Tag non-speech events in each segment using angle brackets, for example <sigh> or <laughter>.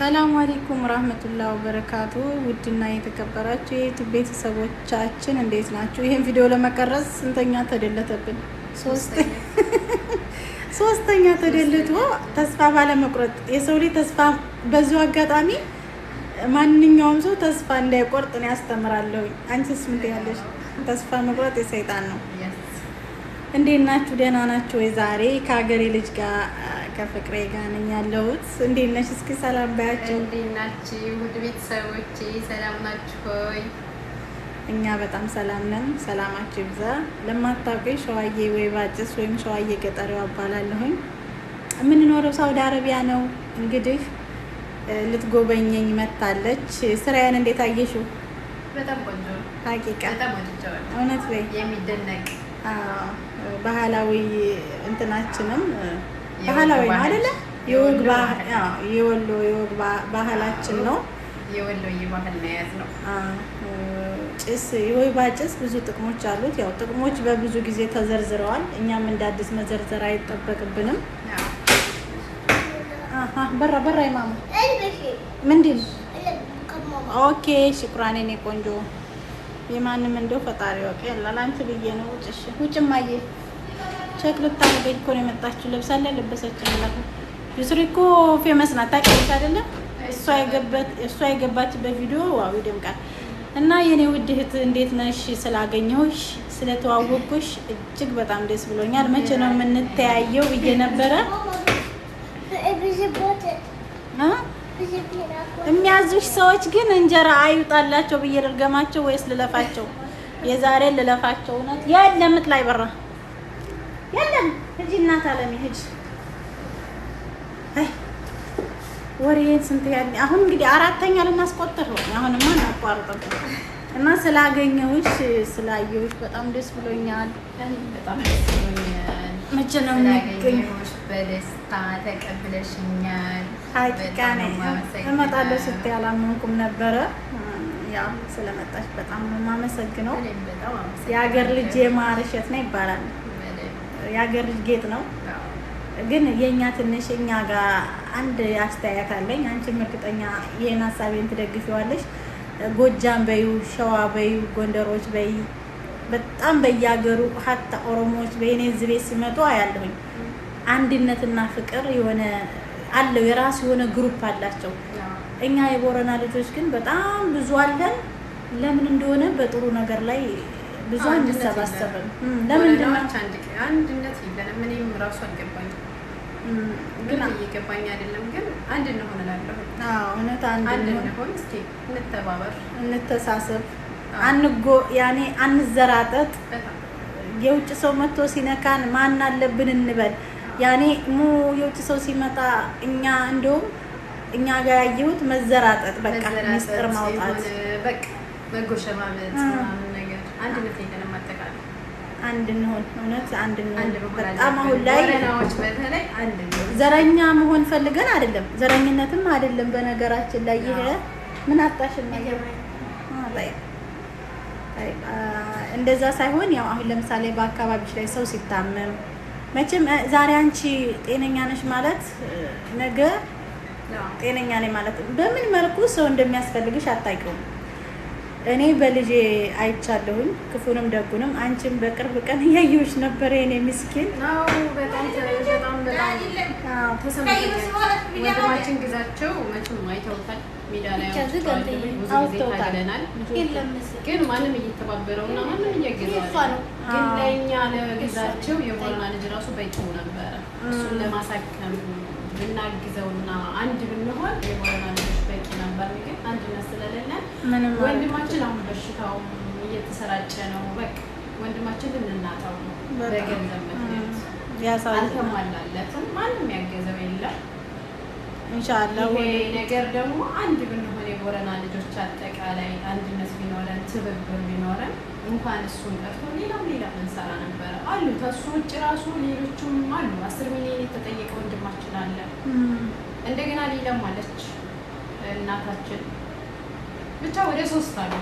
ሰላም አለይኩም ራህመቱላህ ወበረካቱ። ውድና የተከበራችሁ የዩቱብ ቤተሰቦቻችን እንዴት ናችሁ? ይህን ቪዲዮ ለመቀረጽ ስንተኛ ተደለተብን? <laughs> ሶስተኛ ተደልቶ ተስፋ ባለመቁረጥ የሰው ልጅ ተስፋ በዚሁ አጋጣሚ ማንኛውም ሰው ተስፋ እንዳይቆርጥ ነው ያስተምራለሁ። አንቺስ ምን ትያለሽ? ተስፋ መቁረጥ የሰይጣን ነው። እንዴት ናችሁ? ደህና ናችሁ ወይ? ዛሬ ከሀገሬ ልጅ ጋር ከፍቅሬ ጋር ነኝ ያለሁት። እንዴት ነሽ? እስኪ ሰላም ባያችሁ። እንዴት ናችሁ ውድ ቤተሰቦቼ? ሰላም ናችሁ ሆይ? እኛ በጣም ሰላም ነን። ሰላማችሁ ይብዛ። ለማታውቀኝ ሸዋዬ ወይ ባጭስ ወይም ሸዋዬ ገጠሪው አባላለሁኝ። የምንኖረው ሳውዲ አረቢያ ነው። እንግዲህ ልትጎበኘኝ መታለች። ስራዬን እንዴት አየሽው? በጣም ቆንጆ ሀቂቃ እውነት በይ የሚደነቅ ባህላዊ እንትናችንም ባህላዊ ነው አይደለ? የወሎ የወግ ባህላችን ነው። የወሎ የባህል መያዝ ነው ጭስ የወይባ ጭስ ብዙ ጥቅሞች አሉት። ያው ጥቅሞች በብዙ ጊዜ ተዘርዝረዋል። እኛም እንደ አዲስ መዘርዘር አይጠበቅብንም። በራ በራ ይማማ ምንድን ኦኬ ሽኩራኔ ኔ ቆንጆ የማንም እንደው ፈጣሪ ወቅ ያላል አንቺ ብዬ ነው ውጭሽ ውጭ ማየ ቸክ ልታደርገኝ እኮ ነው የመጣችው። ለብሳለ ለበሰች ላሁ ዩስሪ እኮ ፌመስ ናት ታውቂያለሽ አይደለም? እሷ የገባችበት ቪዲዮ ዋው ይደምቃል። እና የኔ ውድ እህት እንዴት ነሽ? ስላገኘሁሽ ስለተዋወቅኩሽ እጅግ በጣም ደስ ብሎኛል። መቼ ነው የምንተያየው ብዬ ነበረ። የሚያዙሽ ሰዎች ግን እንጀራ አይውጣላቸው ብዬ ልርገማቸው ወይስ ልለፋቸው? የዛሬ ልለፋቸው። እውነት ያለምት ላይ በራ የለም እጂ እናት አለሜ ሂጂ። አይ ወሬን ስንት ያኔ አሁን እንግዲህ አራተኛ ልናስቆጥር ነው። አሁንማ እናቋርጥም እና ስላገኘሁሽ ስላየሁሽ በጣም ደስ ብሎኛል። መቼ ነው የምናገኘሁሽ? በደስታ ተቀብለሽኛል። ሀቂቃኔ እመጣለሁ ስትይ አላመንኩም ነበረ። ያው ስለመጣሽ በጣም ነው የማመሰግነው። የሀገር ልጅ የማርሸት ነው ይባላል የሀገር ጌጥ ነው። ግን የእኛ ትንሽ እኛ ጋር አንድ አስተያየት አለኝ። አንቺም እርግጠኛ ይህን ሀሳቤን ትደግፊዋለሽ። ጎጃም በዩ፣ ሸዋ በዩ፣ ጎንደሮች በይ በጣም በየሀገሩ ሀታ ኦሮሞዎች በእኔ እዚህ ቤት ሲመጡ አያለሁኝ። አንድነትና ፍቅር የሆነ አለው የራሱ የሆነ ግሩፕ አላቸው። እኛ የቦረና ልጆች ግን በጣም ብዙ አለን። ለምን እንደሆነ በጥሩ ነገር ላይ ብዙ አንሰባሰብም። ለምንድን ነው አንድነት የለንም? እኔም ራሱ አልገባኝ ግን እየገባኝ አይደለም። ግን አንድ እንሆን እላለሁ። እውነት አንድ እንሆን፣ እስኪ እንተባበር፣ እንተሳሰብ፣ አንጎ ያኔ አንዘራጠጥ። የውጭ ሰው መጥቶ ሲነካን ማን አለብን እንበል። ያኔ ሙ የውጭ ሰው ሲመጣ እኛ እንደውም እኛ ጋር ያየሁት መዘራጠጥ፣ በቃ ሚስጥር ማውጣት፣ በቃ መጎሸማመት አንድ ነው የለንም። አንድ እንሆን፣ እውነት አንድ እንሆን። በጣም አሁን ላይ ዘረኛ መሆን ፈልገን አይደለም፣ ዘረኝነትም አይደለም። በነገራችን ላይ ይሄ ምን አጣሽ እንደዛ ሳይሆን ያው አሁን ለምሳሌ በአካባቢሽ ላይ ሰው ሲታመም መቼም ዛሬ አንቺ ጤነኛ ነሽ ማለት ነገ ጤነኛ ነኝ ማለት በምን መልኩ ሰው እንደሚያስፈልግሽ አታውቂውም። እኔ በልጄ አይቻለሁኝ ክፉንም ደጉንም። አንቺም በቅርብ ቀን እያየሁሽ ነበረ። የኔ ምስኪን ወንድማችን ግዛቸው መቼም አይተውታል፣ ሜዳ ላይ ታግለናል። ግን ማንም እየተባበረው እና ማንም እያገዛል። ግን ለእኛ ለግዛቸው የሆነ ልጅ ራሱ በቂው ነበረ። እሱን ለማሳከም ብናግዘው እና አንድ ብንሆን የሆነ ልጅ ነበር፣ ግን አንድነት ስለሌለ ወንድማችን አሁን በሽታው እየተሰራጨ ነው። በቃ ወንድማችን ልንናጣው ነው በገንዘብ ምክንያት አልተሟላለትም። ማንም ያገዘው የለም። ኢንሻላህ ይሄ ነገር ደግሞ አንድ ብንሆን የቦረና ልጆች አጠቃላይ አንድነት ቢኖረን ትብብር ቢኖረን እንኳን እሱን ቀርቶ ሌላም ሌላም ነበረ አሉ። ከሱ ውጭ ራሱ ሌሎቹም አሉ። አስር ሚሊዮን የተጠየቀ ወንድማችን አለ። እንደገና ሌላም አለች እናታችን ብቻ ወደ ሶስት አሉ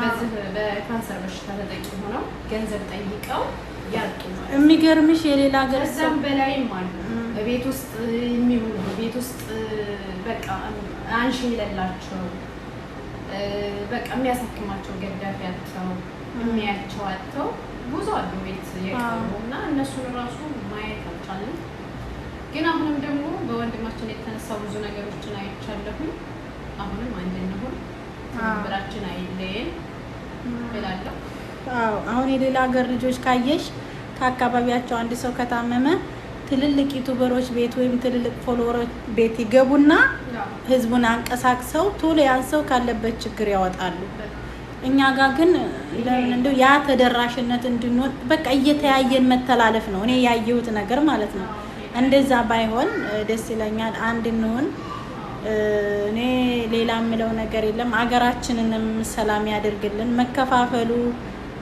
በዚህ በካንሰር በሽታ ተጠቂ ሆነው ገንዘብ ጠይቀው ያጡ የሚገርምሽ የሌላ ሀገር እዛም በላይም አሉ ቤት ውስጥ የሚውሉ ቤት ውስጥ በቃ አንሺ የሌላቸው በቃ የሚያሳክማቸው ገዳፊ ያቸው የሚያቸው አጥተው ብዙ አሉ ቤት የቀሩ እና እነሱን ራሱ ማየት አልቻለም ግን አሁንም ደግሞ በወንድማችን የተነሳ ብዙ ነገሮችን አይቻለሁኝ። አሁንም አንድ ትብብራችን አይለየን እላለሁ። አዎ አሁን የሌላ ሀገር ልጆች ካየሽ ከአካባቢያቸው አንድ ሰው ከታመመ ትልልቅ ዩቱበሮች ቤት ወይም ትልልቅ ፎሎወሮች ቤት ይገቡና ህዝቡን አንቀሳቅሰው ቶሎ ያን ሰው ካለበት ችግር ያወጣሉ። እኛ ጋር ግን ለምን እንደው ያ ተደራሽነት እንድንሆን በቃ እየተያየን መተላለፍ ነው። እኔ ያየሁት ነገር ማለት ነው። እንደዛ ባይሆን ደስ ይለኛል። አንድ እንሆን። እኔ ሌላ የምለው ነገር የለም። አገራችንንም ሰላም ያደርግልን። መከፋፈሉ፣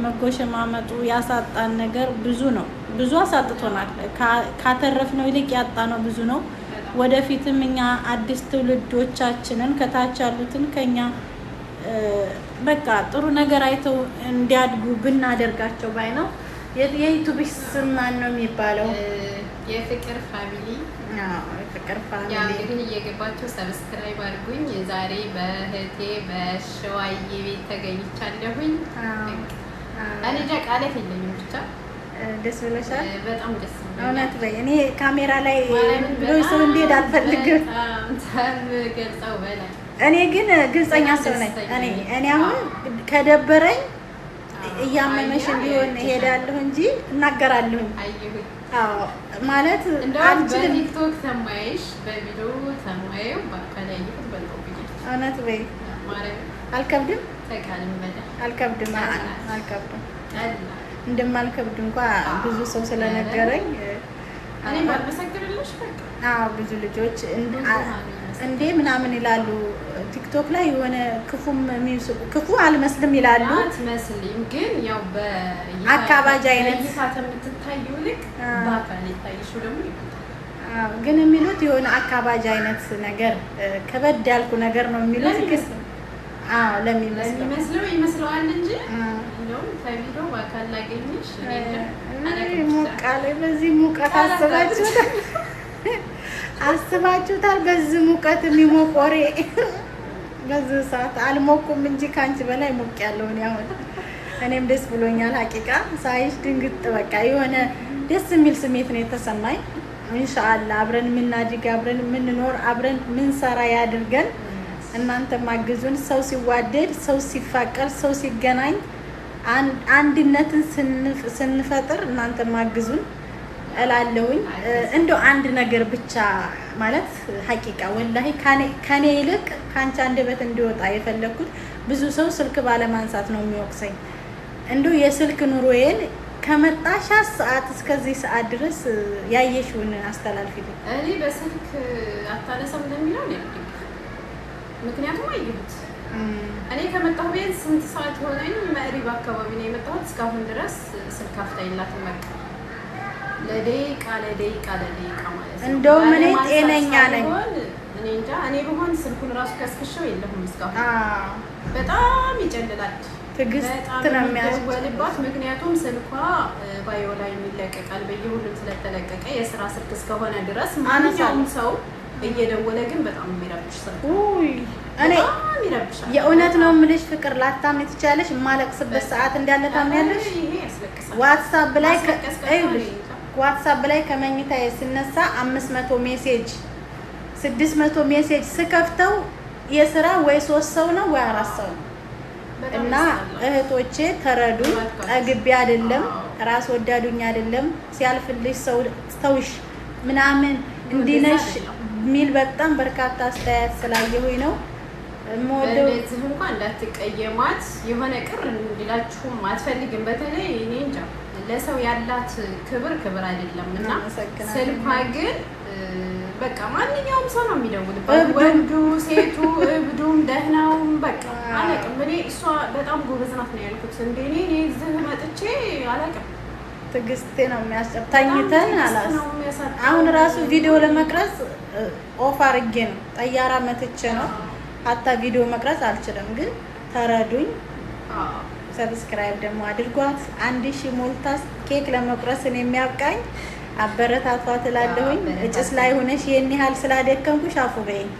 መጎሸማመጡ ያሳጣን ነገር ብዙ ነው። ብዙ አሳጥቶናል። ካተረፍነው ይልቅ ያጣነው ብዙ ነው። ወደፊትም እኛ አዲስ ትውልዶቻችንን ከታች ያሉትን ከኛ በቃ ጥሩ ነገር አይተው እንዲያድጉ ብናደርጋቸው ባይ ነው። የዩቱብ ስም ማን ነው የሚባለው? የፍቅር ፋሚሊ ያው እንግዲህ እየገባችሁ ሰብስክራይብ አድርጉኝ። ዛሬ በእህቴ በሸዋዬ ቤት ተገኝቻለሁኝ። እንጃ ቃላት የለኝም። ብቻ ደስ ብሎሻል? በጣም ደስ ብሎኛል። እውነት በይ። እኔ ካሜራ ላይ ብሎ ሰው እንዲሄድ አልፈልግም። ገልጸው በላይ እኔ ግን ግልጸኛ ሰው ነኝ። እኔ አሁን ከደበረኝ እያመመሽን ቢሆን እሄዳለሁ እንጂ እናገራለሁኝ። አዎ ማለት አንችልም። ቲክቶክ ሰማይሽ በቪዲዮ ሰማየው እውነት ወይ አልከብድም፣ አልከብድም፣ አልከብድም እንደማልከብድ እንኳ ብዙ ሰው ስለነገረኝ ብዙ ልጆች እንዴ ምናምን ይላሉ። ቲክቶክ ላይ የሆነ ክፉ አልመስልም ይላሉ። አትመስልም ግን ያው በአካባጅ አይነት የምትታየው ልክ በአካል የታየሽው ደግሞ ግን የሚሉት የሆነ አካባጅ አይነት ነገር ከበድ ያልኩ ነገር ነው የሚሉት። ክስ ለሚመስለው ይመስለዋል እንጂ እንደውም በአካል ላገኝሽ ሞቃ ላይ በዚህ ሙቀት አስባችሁ አስባችሁታል? በዚህ ሙቀት የሚሞቅ ወሬ በዚህ ሰዓት አልሞቁም እንጂ ከአንቺ በላይ ሞቅ ያለውን አሁን። እኔም ደስ ብሎኛል። ሀቂቃ ሳይሽ ድንግጥ በቃ የሆነ ደስ የሚል ስሜት ነው የተሰማኝ። እንሻአላ አብረን የምናድግ አብረን የምንኖር አብረን ምንሰራ ያድርገን። እናንተም አግዙን። ሰው ሲዋደድ፣ ሰው ሲፋቀር፣ ሰው ሲገናኝ አንድነትን ስንፈጥር እናንተ አግዙን። እላለሁኝ። እንደው አንድ ነገር ብቻ ማለት ሀቂቃ ወላሂ ከኔ ይልቅ ከአንቺ አንደበት እንዲወጣ የፈለግኩት ብዙ ሰው ስልክ ባለማንሳት ነው የሚወቅሰኝ። እንደው የስልክ ኑሮዬን ከመጣሻ ሰዓት እስከዚህ ሰዓት ድረስ ያየሽውን አስተላልፊልኝ። እኔ በስልክ አታነሳም እንደሚለው ነው። ምክንያቱም አየሁት። እኔ ከመጣሁ ቤት ስንት ሰዓት ሆነኝ? መሪብ አካባቢ ነው የመጣሁት። እስካሁን ድረስ ስልክ አፍታ የላትም በቃ ለደቂቃ ለደቂቃ ለደቂቃ ማለት ነው። እንደውም እኔ ጤነኛ ነኝ። እኔ እንጃ እኔ ብሆን ስልኩን ራሱ ከስክሸው የለሁም እስካሁን። በጣም ይጨልላል። ትግስት ነው የሚያስወልባት። ምክንያቱም ስልኳ ባዮ ላይ የሚለቀቃል በየሁሉም ስለተለቀቀ የስራ ስልክ እስከሆነ ድረስ ማንኛውም ሰው እየደወለ ግን በጣም የሚረብሽ ስልክ እኔ የእውነት ነው የምልሽ፣ ፍቅር ላታምኝ ትችያለሽ። የማለቅስበት ሰዓት እንዳለ ታምኛለሽ። ዋትሳፕ ላይ ዋትሳፕ ላይ ከመኝታዬ ስነሳ አምስት መቶ ሜሴጅ ስድስት መቶ ሜሴጅ ስከፍተው የስራ ወይ ሶስት ሰው ነው ወይ አራት ሰው ነው። እና እህቶቼ ተረዱ። ጠግቤ አይደለም ራስ ወዳዱኝ አይደለም ሲያልፍልሽ ሰው ተውሽ ምናምን እንዲነሽ ሚል በጣም በርካታ አስተያየት ስላየሁኝ ነው እንደዚህ እንኳን እንዳትቀየማት የሆነ ቅር እንዲላችሁም አትፈልግም። በተለይ እኔ እንጃ ለሰው ያላት ክብር ክብር አይደለም እና ስልኳ ግን በቃ ማንኛውም ሰው ነው የሚደውልባት፣ ወንዱ፣ ሴቱ፣ እብዱም፣ ደህናውም በቃ አላውቅም። እኔ እሷ በጣም ጎበዝ ናት ነው ያልኩት። እንደ እኔ እኔ እዚህ መጥቼ አላውቅም። ትግስቴ ነው የሚያስጨብታኝተን አላስ አሁን ራሱ ቪዲዮ ለመቅረጽ ኦፍ አርጌ ነው ጠያራ መትቼ ነው አታ ቪዲዮ መቅረጽ አልችልም፣ ግን ተረዱኝ ሰብስክራይብ ደግሞ አድርጓት። አንድ ሺ ሞልታ ኬክ ለመቁረስን የሚያብቃኝ አበረታቷ ትላለሁኝ። እጭስ ላይ ሆነሽ ይህን ያህል ስላደከምኩሽ አፉ በይኝ።